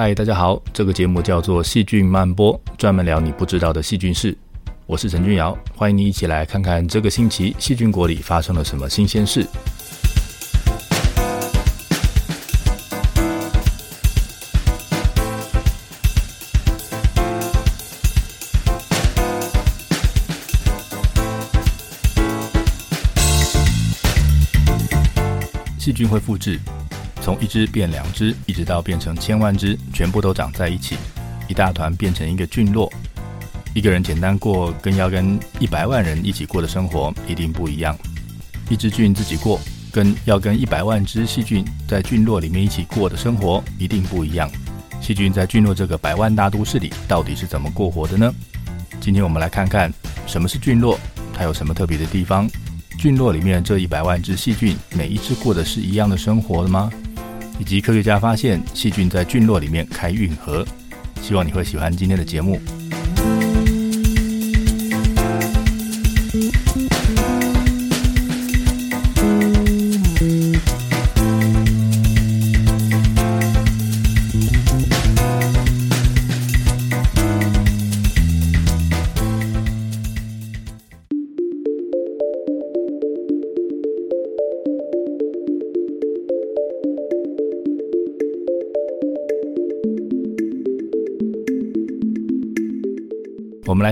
嗨，大家好，這個節目叫做《細菌曼波》，專門聊你不知道的細菌事。我是陳君堯，歡迎你一起來看看這個星期細菌國裡發生了什麼新鮮事。細菌會複製。從一隻變兩隻，一直到變成千萬隻，全部都長在一起，一大團變成一個菌落。一個人簡單過，跟要跟一百萬人一起過的生活一定不一樣。一隻菌自己過，跟要跟一百萬隻細菌在菌落裡面一起過的生活一定不一樣。細菌在菌落這個百萬大都市裡到底是怎麼過活的呢？今天我們來看看什麼是菌落，它有什麼特別的地方？菌落裡面這一百萬隻細菌，每一隻過的是一樣的生活的嗎？以及科學家發現，細菌在菌落裡面開運河，希望你會喜歡今天的節目。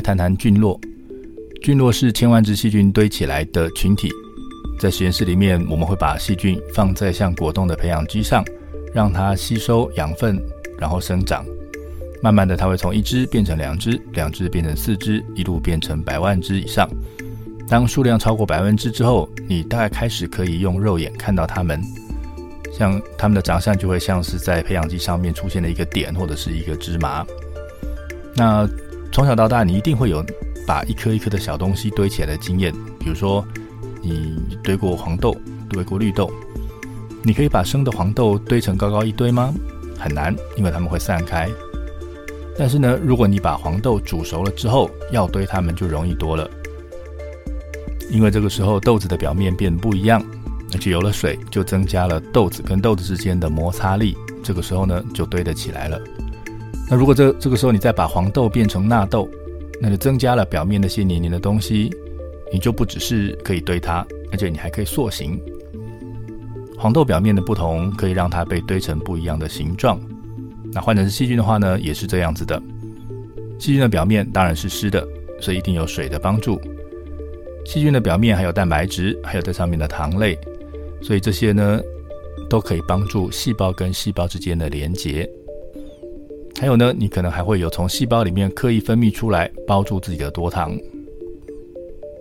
談談菌落。菌落是千萬隻細菌堆起來的群體。在實驗室裡面，我們會把細菌放在像果凍的培養基上，讓它吸收養分，然後生長。慢慢的，它會從一隻變成兩隻，兩隻變成四隻，一路變成百萬隻以上。當數量超過百萬隻之、之後，你大概開始可以用肉眼看到它們，像它們的長相就會像是在培養基上面出現了一個點或者是一個芝麻。那從小到大，你一定會有把一顆一顆的小東西堆起來的經驗。比如說，你堆過黃豆，堆過綠豆。你可以把生的黃豆堆成高高一堆嗎？很難，因為它們會散開。但是呢，如果你把黃豆煮熟了之後，要堆它們就容易多了。因為這個時候豆子的表面變不一樣，而且有了水，就增加了豆子跟豆子之間的摩擦力。這個時候呢，就堆得起來了。那如果這這個時候你再把黃豆變成納豆，那就增加了表面那些黏黏的東西，你就不只是可以堆它，而且你還可以塑形。黃豆表面的不同，可以讓它被堆成不一樣的形狀。那換成是細菌的話呢，也是這樣子的。細菌的表面當然是濕的，所以一定有水的幫助。細菌的表面還有蛋白質，還有在上面的糖類，所以這些呢都可以幫助細胞跟細胞之間的連接。還有呢，你可能還會有從細胞裡面刻意分泌出來包住自己的多糖。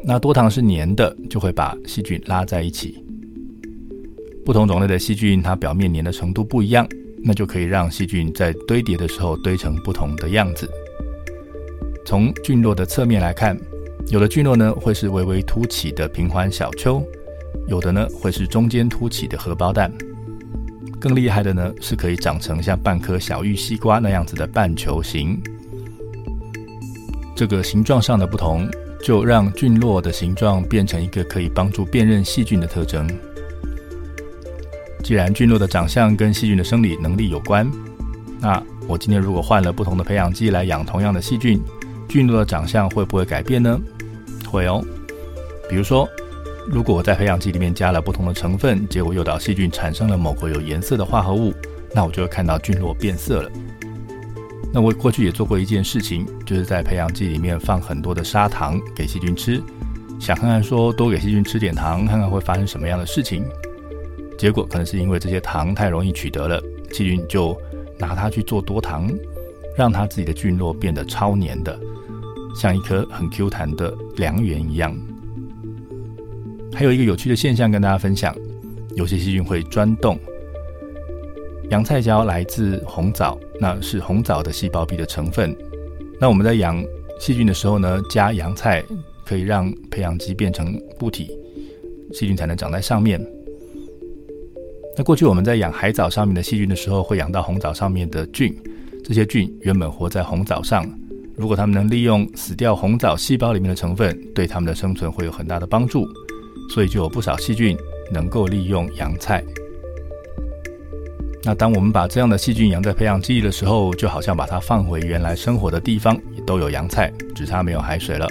那多糖是粘的，就會把細菌拉在一起。不同種類的細菌，它表面粘的程度不一樣，那就可以讓細菌在堆疊的時候堆成不同的樣子。從菌落的側面來看，有的菌落呢會是微微凸起的平緩小丘，有的呢會是中間凸起的荷包蛋。更厲害的呢，是可以長成像半顆小玉西瓜那樣子的半球形。這個形狀上的不同，就讓菌落的形狀變成一個可以幫助辨認細菌的特徵。既然菌落的長相跟細菌的生理能力有關，那我今天如果換了不同的培養基來養同樣的細菌，菌落的長相會不會改變呢？會哦，比如說。如果我在培養基裡面加了不同的成分，結果誘導細菌產生了某個有顏色的化合物，那我就會看到菌落變色了。那我過去也做過一件事情，就是在培養基裡面放很多的砂糖給細菌吃，想看看說多給細菌吃點糖，看看會發生什麼樣的事情。結果可能是因為這些糖太容易取得了，細菌就拿它去做多糖，讓它自己的菌落變得超黏的，像一顆很 Q 彈的涼圓一樣。還有一個有趣的現象跟大家分享：有些細菌會鑽洞。洋菜膠來自紅藻，那是紅藻的細胞壁的成分。那我們在養細菌的時候呢，加洋菜可以讓培養基變成固體，細菌才能長在上面。那過去我們在養海藻上面的細菌的時候，會養到紅藻上面的菌。這些菌原本活在紅藻上，如果它們能利用死掉紅藻細胞裡面的成分，對它們的生存會有很大的幫助。所以就有不少細菌能夠利用洋菜。那當我們把這樣的細菌養在培養基的時候，就好像把它放回原來生活的地方，也都有洋菜，只差沒有海水了。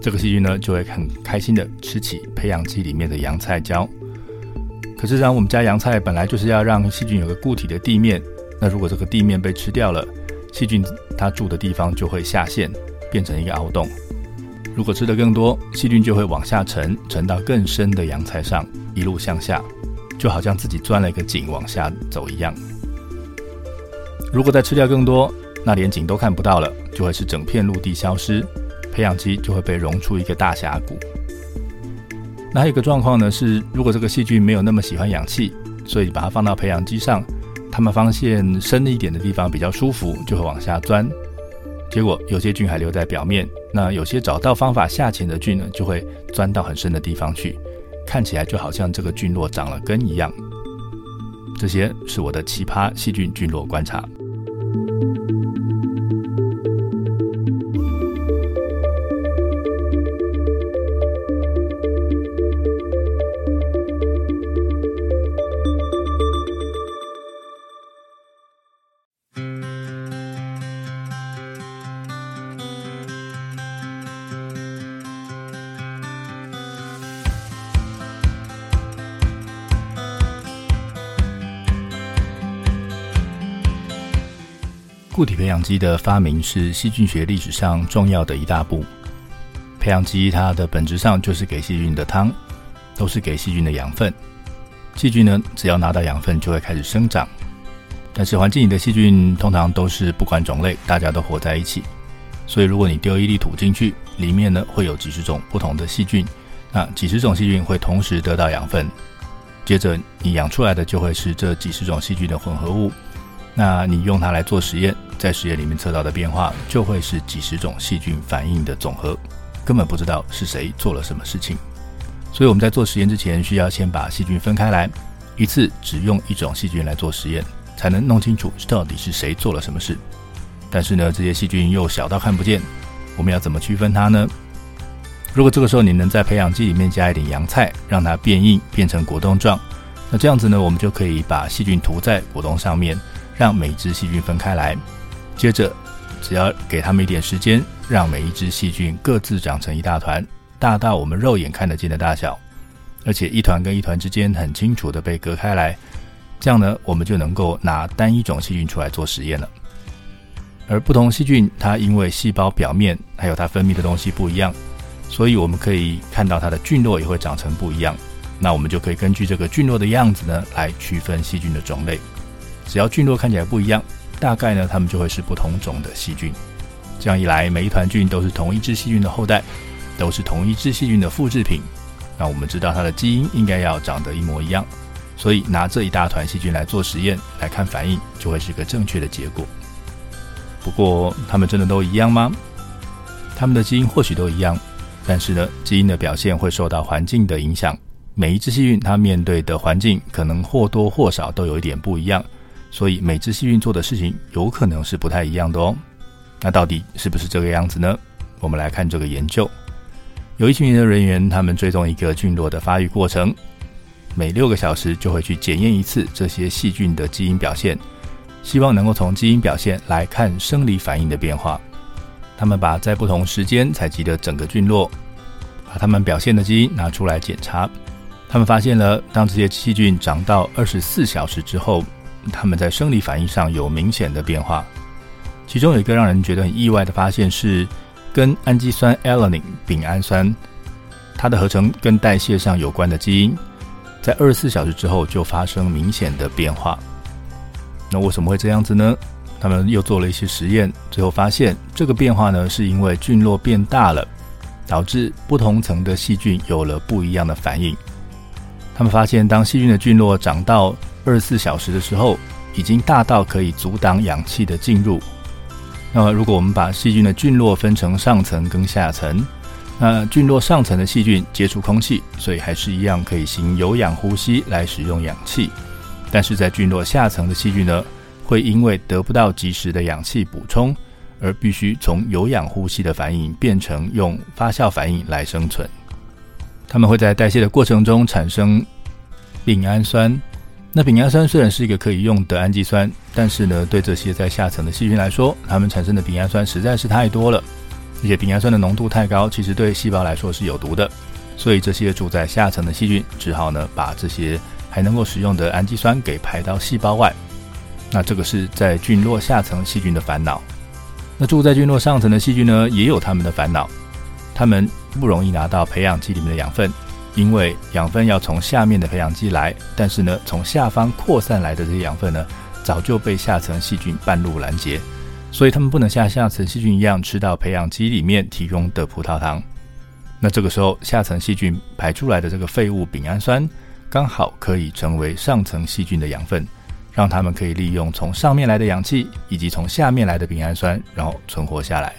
這個細菌呢，就會很開心的吃起培養基裡面的洋菜膠。可是呢，我們加洋菜本來就是要讓細菌有個固體的地面。那如果這個地面被吃掉了，細菌它住的地方就會下陷，變成一個凹洞。如果吃得更多，細菌就會往下沉，沉到更深的洋菜上，一路向下，就好像自己鑽了一個井往下走一樣。如果再吃掉更多，那連井都看不到了，就會使整片陸地消失，培養基就會被融出一個大峽谷。那還有一個狀況呢，是如果這個細菌沒有那麼喜歡氧氣，所以把它放到培養基上，它們發現深一點的地方比較舒服，就會往下鑽。結果有些菌還留在表面，那有些找到方法下潛的菌呢，就會鑽到很深的地方去，看起來就好像這個菌落長了根一樣。這些是我的奇葩細菌菌落觀察。固體培養基的發明是細菌學歷史上重要的一大步。培養基它的本質上就是給細菌的湯，都是給細菌的養分。細菌呢，只要拿到養分就會開始生長。但是環境裡的細菌通常都是不管種類，大家都活在一起。所以如果你丟一粒土進去，裡面呢會有幾十種不同的細菌。那幾十種細菌會同時得到養分，接着你養出來的就會是這幾十種細菌的混合物。那你用它來做實驗，在實驗裡面測到的變化就會是幾十種細菌反應的總和，根本不知道是誰做了什麼事情。所以我們在做實驗之前，需要先把細菌分開來，一次只用一種細菌來做實驗，才能弄清楚到底是誰做了什麼事。但是呢，這些細菌又小到看不見，我們要怎麼區分它呢？如果這個時候你能在培養基裡面加一點洋菜，讓它變硬變成果凍狀，那這樣子呢，我們就可以把細菌塗在果凍上面。讓每一隻細菌分開來，接着只要給他們一點時間，讓每一隻細菌各自長成一大團，大到我們肉眼看得見的大小，而且一團跟一團之間很清楚的被隔開來。這樣呢，我們就能夠拿單一種細菌出來做實驗了。而不同細菌，它因為細胞表面還有它分泌的東西不一樣，所以我們可以看到它的菌落也會長成不一樣。那我們就可以根據這個菌落的樣子呢，來區分細菌的種類。只要菌落看起來不一樣，大概呢，它們就會是不同種的細菌。這樣一來，每一團菌都是同一只細菌的後代，都是同一只細菌的複製品。那我們知道它的基因應該要長得一模一樣，所以拿這一大團細菌來做實驗來看反應，就會是個正確的結果。不過，它們真的都一樣嗎？它們的基因或許都一樣，但是呢，基因的表現會受到環境的影響。每一只細菌它面對的環境可能或多或少都有一點不一樣。所以每隻細菌做的事情有可能是不太一樣的哦。那到底是不是這個樣子呢？我們來看這個研究。有一群研究人員，他們追蹤一個菌落的發育過程，每六個小時就會去檢驗一次這些細菌的基因表現，希望能夠從基因表現來看生理反應的變化。他們把在不同時間採集的整個菌落，把他們表現的基因拿出來檢查。他們發現了，當這些細菌長到二十四小時之後。他們在生理反應上有明顯的變化，其中有一個讓人覺得很意外的發現是，跟氨基酸 alanine 丙氨酸它的合成跟代謝上有關的基因，在二十四小時之後就發生明顯的變化。那為什麼會這樣子呢？他們又做了一些實驗，最後發現這個變化呢，是因為菌落變大了，導致不同層的細菌有了不一樣的反應。他們發現，當細菌的菌落長到二十四小時的時候，已經大到可以阻擋氧氣的進入。那麼，如果我們把細菌的菌落分成上層跟下層，那菌落上層的細菌接觸空氣，所以還是一樣可以行有氧呼吸來使用氧氣。但是在菌落下層的細菌呢，會因為得不到及時的氧氣補充，而必須從有氧呼吸的反應變成用發酵反應來生存。它們會在代謝的過程中產生丙氨酸。那丙氨酸雖然是一個可以用的氨基酸，但是呢，對這些在下層的細菌來說，它們產生的丙氨酸實在是太多了，而且丙氨酸的濃度太高，其實對細胞來說是有毒的。所以這些住在下層的細菌只好呢，把這些還能夠使用的氨基酸給排到細胞外。那這個是在菌落下層細菌的煩惱。那住在菌落上層的細菌呢，也有他們的煩惱，他們不容易拿到培養基裡面的養分。因為養分要從下面的培養基來，但是呢，從下方擴散來的這些養分呢，早就被下層細菌半路攔截，所以它們不能像下層細菌一樣吃到培養基裡面提供的葡萄糖。那這個時候，下層細菌排出來的這個廢物丙氨酸，剛好可以成為上層細菌的養分，讓它們可以利用從上面來的氧氣以及從下面來的丙氨酸，然後存活下來。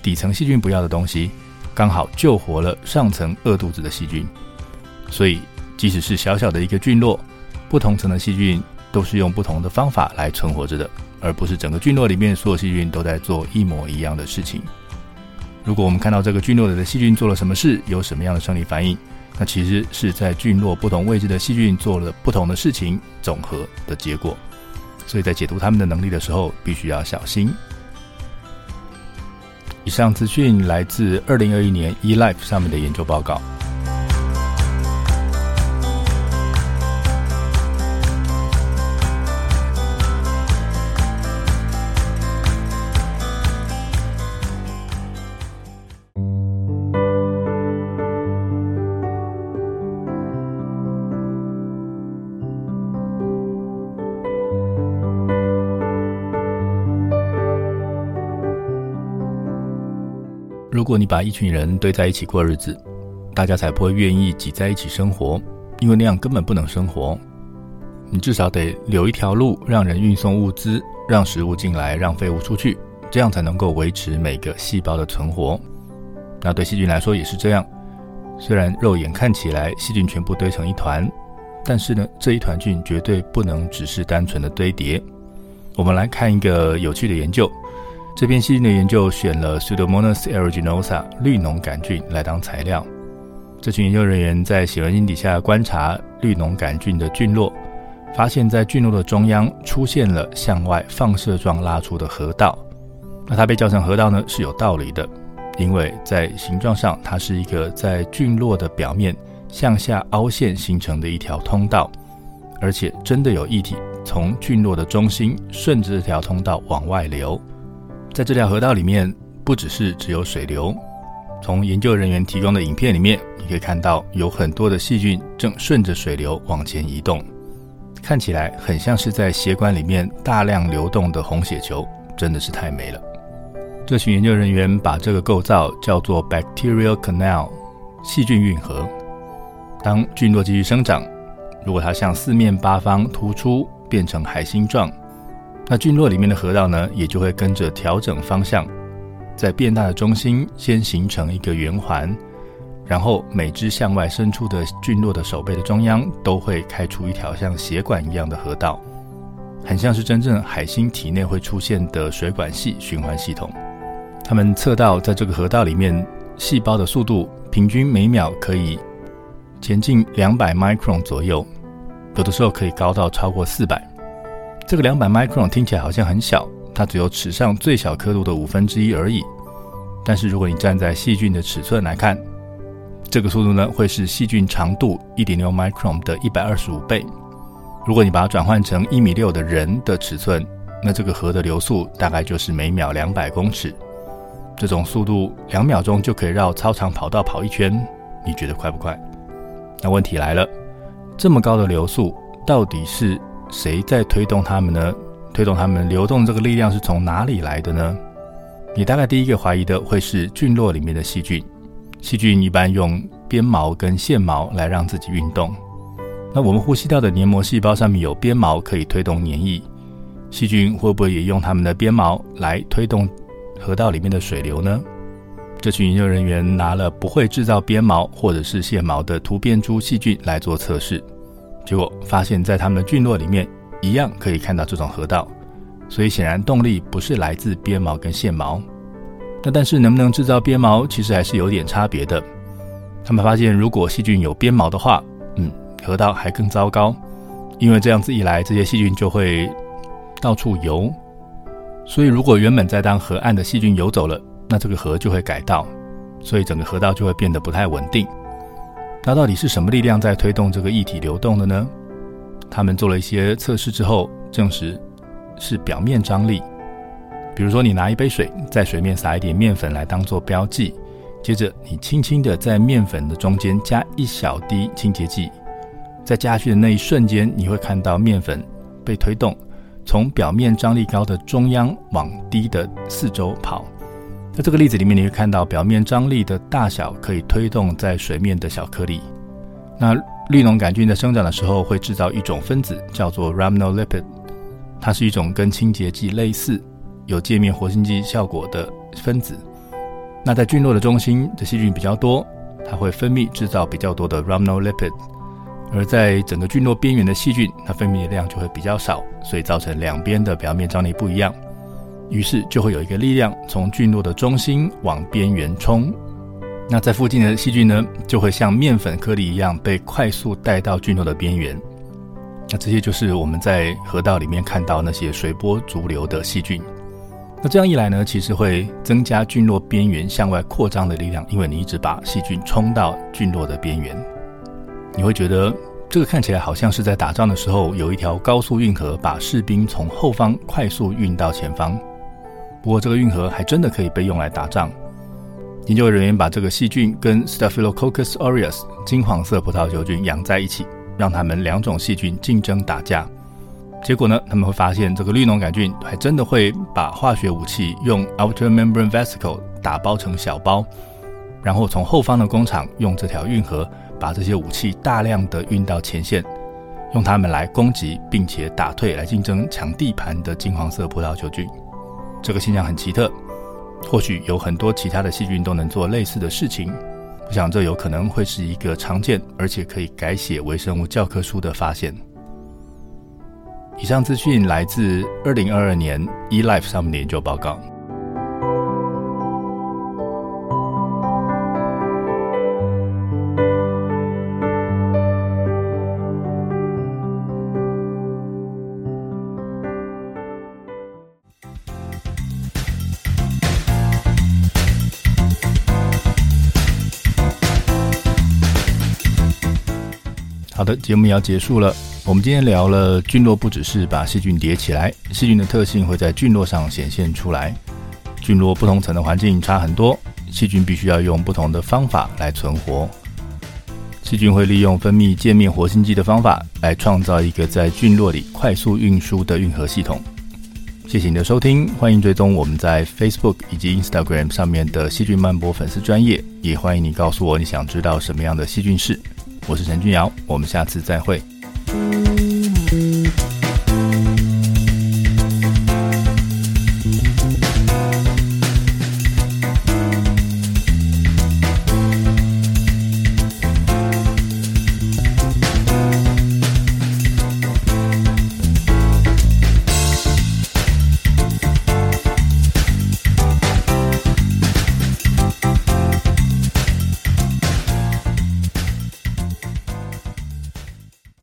底層細菌不要的東西。剛好救活了上層餓肚子的細菌，所以即使是小小的一個菌落，不同層的細菌都是用不同的方法來存活着的，而不是整個菌落裡面所有細菌都在做一模一樣的事情。如果我們看到這個菌落裡的細菌做了什麼事，有什麼樣的生理反應，那其實是在菌落不同位置的細菌做了不同的事情總和的結果，所以在解讀它們的能力的時候，必須要小心。以上資訊來自二零二一年 eLife 上面的研究報告。如果你把一群人堆在一起過日子，大家才不會願意擠在一起生活，因為那樣根本不能生活。你至少得留一條路，讓人運送物資，讓食物進來，讓廢物出去，這樣才能夠維持每個細胞的存活。那對細菌來說也是這樣。雖然肉眼看起來細菌全部堆成一團，但是呢，這一團菌絕對不能只是單純的堆疊。我們來看一個有趣的研究。這篇細菌的研究選了 Pseudomonas aeruginosa 綠膿桿菌來當材料。這群研究人員在顯微鏡底下觀察綠膿桿菌的菌落，發現，在菌落的中央出現了向外放射狀拉出的河道。那它被叫成河道呢是有道理的，因為在形狀上，它是一個在菌落的表面向下凹陷形成的一條通道，而且真的有液體從菌落的中心順着這條通道往外流。在這條河道裡面，不只是只有水流。從研究人員提供的影片裡面，你可以看到有很多的細菌正順着水流往前移動，看起來很像是在血管裡面大量流動的紅血球，真的是太美了。這群研究人員把這個構造叫做 bacterial canal，細菌運河。當菌落繼續生長，如果它向四面八方突出，變成海星狀。那菌落裡面的河道呢，也就會跟着調整方向，在變大的中心先形成一個圓環，然後每隻向外伸出的菌落的手背的中央都會開出一條像血管一樣的河道，很像是真正海星體內會出現的水管系循環系統。他們測到在這個河道裡面，細胞的速度平均每秒可以前進兩百微米左右，有的時候可以高到超過四百。這個兩百微米聽起來好像很小，它只有尺上最小刻度的五分之一而已。但是如果你站在細菌的尺寸來看，這個速度呢會是細菌長度一點六微米的一百二十五倍。如果你把它轉換成一米六的人的尺寸，那這個河的流速大概就是每秒兩百公尺。這種速度兩秒鐘就可以繞操場跑道跑一圈，你覺得快不快？那問題來了，這麼高的流速到底是？誰在推動它們呢？推動它們流動這個力量是從哪裡來的呢？你大概第一個懷疑的會是菌落裡面的細菌。細菌一般用鞭毛跟纖毛來讓自己運動。那我們呼吸道的黏膜細胞上面有鞭毛，可以推動黏液。細菌會不會也用它們的鞭毛來推動河道裡面的水流呢？這群研究人員拿了不會製造鞭毛或者是纖毛的突變株細菌來做測試。結果發現，在他們的菌落裡面，一樣可以看到這種河道，所以顯然動力不是來自鞭毛跟纖毛。那但是能不能制造鞭毛，其實還是有點差別的。他們發現，如果細菌有鞭毛的話，嗯，河道還更糟糕，因為這樣子一來，這些細菌就會到處游。所以如果原本在當河岸的細菌游走了，那這個河就會改道，所以整個河道就會變得不太穩定。那到底是什麼力量在推動這個液體流動的呢？他們做了一些測試之後，證實是表面張力。比如說，你拿一杯水，在水面撒一點麵粉來當做標記，接着你輕輕地在麵粉的中間加一小滴清潔劑，在加下去的那一瞬間，你會看到麵粉被推動，從表面張力高的中央往低的四周跑。在這個例子裡面，你會看到表面張力的大小可以推動在水面的小顆粒。那綠膿桿菌在生長的時候，會製造一種分子叫做 Rhamnolipid，它是一種跟清潔劑類似、有界面活性劑效果的分子。那在菌落的中心，的細菌比較多，它會分泌製造比較多的 Rhamnolipid，而在整個菌落邊緣的細菌，它分泌的量就會比較少，所以造成兩邊的表面張力不一樣。於是就會有一個力量從菌落的中心往邊緣衝，那在附近的細菌呢，就會像麵粉顆粒一樣被快速帶到菌落的邊緣。那這些就是我們在河道裡面看到那些隨波逐流的細菌。那這樣一來呢，其實會增加菌落邊緣向外擴張的力量，因為你一直把細菌衝到菌落的邊緣。你會覺得這個看起來好像是在打仗的時候，有一條高速運河把士兵從後方快速運到前方。不過，這個運河還真的可以被用來打仗。研究人員把這個細菌跟 Staphylococcus aureus（ 金黃色葡萄球菌）養在一起，讓他們兩種細菌競爭打架。結果呢，他們會發現這個綠膿桿菌還真的會把化學武器用 outer membrane vesicle 打包成小包，然後從後方的工廠用這條運河把這些武器大量的運到前線，用它們來攻擊，並且打退來競爭搶地盤的金黃色葡萄球菌。這個現象很奇特，或許有很多其他的細菌都能做類似的事情。我想，這有可能會是一個常見而且可以改寫微生物教科書的發現。以上資訊來自二零二二年《eLife》上面的研究報告。好的，節目也要結束了。我們今天聊了菌落，不只是把細菌疊起來，細菌的特性會在菌落上顯現出來。菌落不同層的環境差很多，細菌必須要用不同的方法來存活。細菌會利用分泌界面活性劑的方法，來創造一個在菌落裡快速運輸的運河系統。謝謝你的收聽，歡迎追蹤我們在 Facebook 以及 Instagram 上面的細菌曼波粉絲專頁，也歡迎你告訴我你想知道什麼樣的細菌事。我是陳俊堯，我們下次再會。